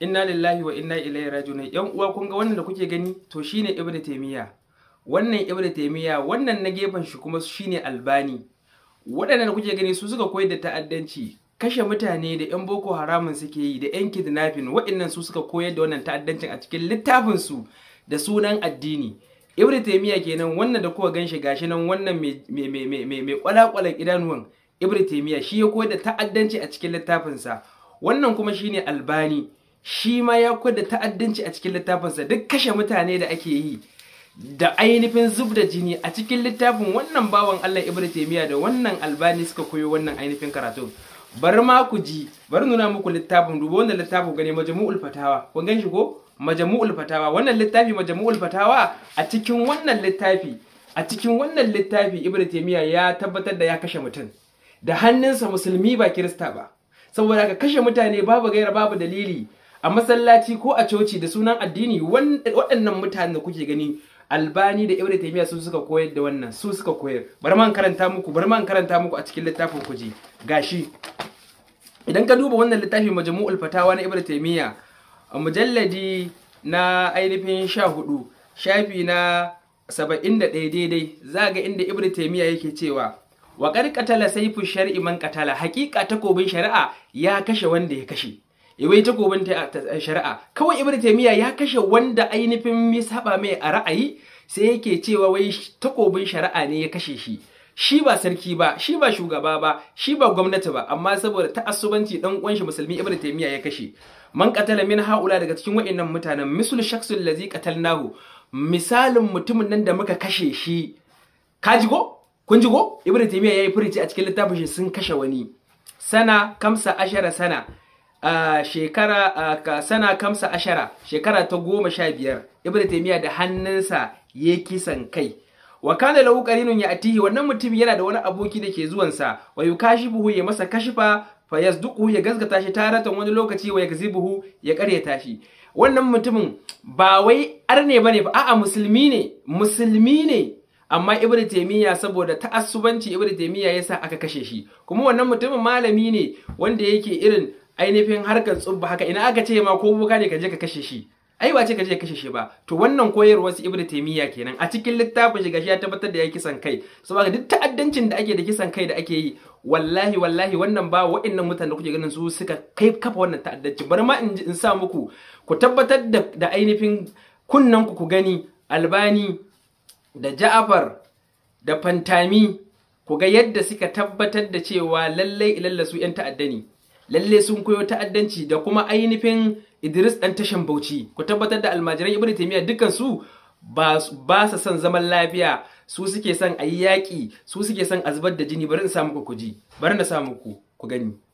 inna lillahi wa inna ilaihi raji'un yan uwa kun ga wannan da kuke gani to shine ibn taymiya wannan ibn taymiya wannan na gefen shi kuma shine albani waɗannan da kuke gani su suka koyar da ta'addanci kashe mutane da yan boko haramun suke yi da yan kidnapping waɗannan su suka koyar da wannan ta'addancin a cikin littafin su da sunan addini ibn taymiya kenan wannan da kuka ganshi gashi nan wannan mai mai mai mai kwalakwalan idanuwan ibn taymiya shi ya koyar da ta'addanci a cikin littafin sa wannan kuma shine albani shi ma ya kwada ta'addanci a cikin littafinsa duk kashe mutane da ake yi da ainihin zub da jini a cikin littafin wannan bawan Allah Ibn Taimiyya da wannan Albani suka koyo wannan ainihin karatu Bar ma ku ji bar nuna muku littafin dubo wannan littafin gane majmu'ul fatawa kun gan shi ko majmu'ul fatawa wannan littafi majmu'ul fatawa a cikin wannan littafi a cikin wannan littafi Ibn Taimiyya ya tabbatar da ya kashe mutum da hannunsa musulmi ba kirista ba saboda ka kashe mutane babu gaira babu dalili a masallaci ko a coci da sunan addini waɗannan mutanen da kuke gani albani da ibn taymiya su suka koyar da wannan su suka koyar bari man karanta muku bari man karanta muku a cikin littafin ku gashi idan ka duba wannan littafin majmu'ul fatawa na ibn a mujalladi na ainihin 14 shafi na 71 daidai za ga inda ibn taymiya yake cewa wa qarqatala sayfu shar'i man qatala haqiqa takobin shari'a ya kashe wanda ya kashe Yawai takobin shari'a kawai ibnu taymiya ya kashe wanda ainihin ya saba mai a ra'ayi sai yake cewa wai takobin shari'a ne ya kashe shi shi ba sarki ba shi ba shugaba ba shi ba gwamnati ba amma saboda ta'assubanci dan uwan shi musulmi ibnu taymiya ya kashe man qatala min haula daga cikin wa'annan mutanen misul shakhsul ladzi qatalnahu misalin mutumin nan da muka kashe shi ka jigo kun jigo ibnu taymiya yayi furici a cikin littafin shi sun kashe wani sana kamsa ashara sana a shekara a sana kamsa ashara shekara ta goma sha biyar ibn taymiya da hannunsa ya kisan kai wa kana lahu qarinun atihi, wannan mutum yana da wani aboki da ke zuwansa wa buhu ya masa kashifa fa yasduqu ya gazgata shi taratan wani lokaci wa buhu ya karyata shi wannan mutumin ba wai arne bane ba a'a musulmi ne musulmi ne amma ibnu taymiya saboda ta'assubanci ibnu ya yasa aka kashe shi kuma wannan mutumin malami ne wanda yake irin ainihin harkar tsubba haka ina aka ce ma ko boka ne ka je ka kashe shi ai ba ce ka je ka kashe shi ba to wannan koyarwar su ibnu taymiya kenan a cikin littafin shiga shi ya tabbatar da ya kisan kai saboda duk ta'addancin da ake da kisan kai da ake yi wallahi wallahi wannan ba wa'annan mutanen da kuke ganin su suka kai kafa wannan ta'addancin bari ma in sa muku ku tabbatar da, da ainihin kunnan ku ku gani albani da ja'afar da fantami ku ga yadda suka tabbatar da cewa lallai ilalla su 'yan ta'addani lalle sun koyo ta'addanci da kuma ainihin Idris dan tashan Bauchi ku tabbatar da almajiran Ibn Taymiyyah dukkan su ba sa son zaman lafiya su suke son a yi yaƙi su suke son zubar da jini bari in sa muku ji bari na sa muku ku gani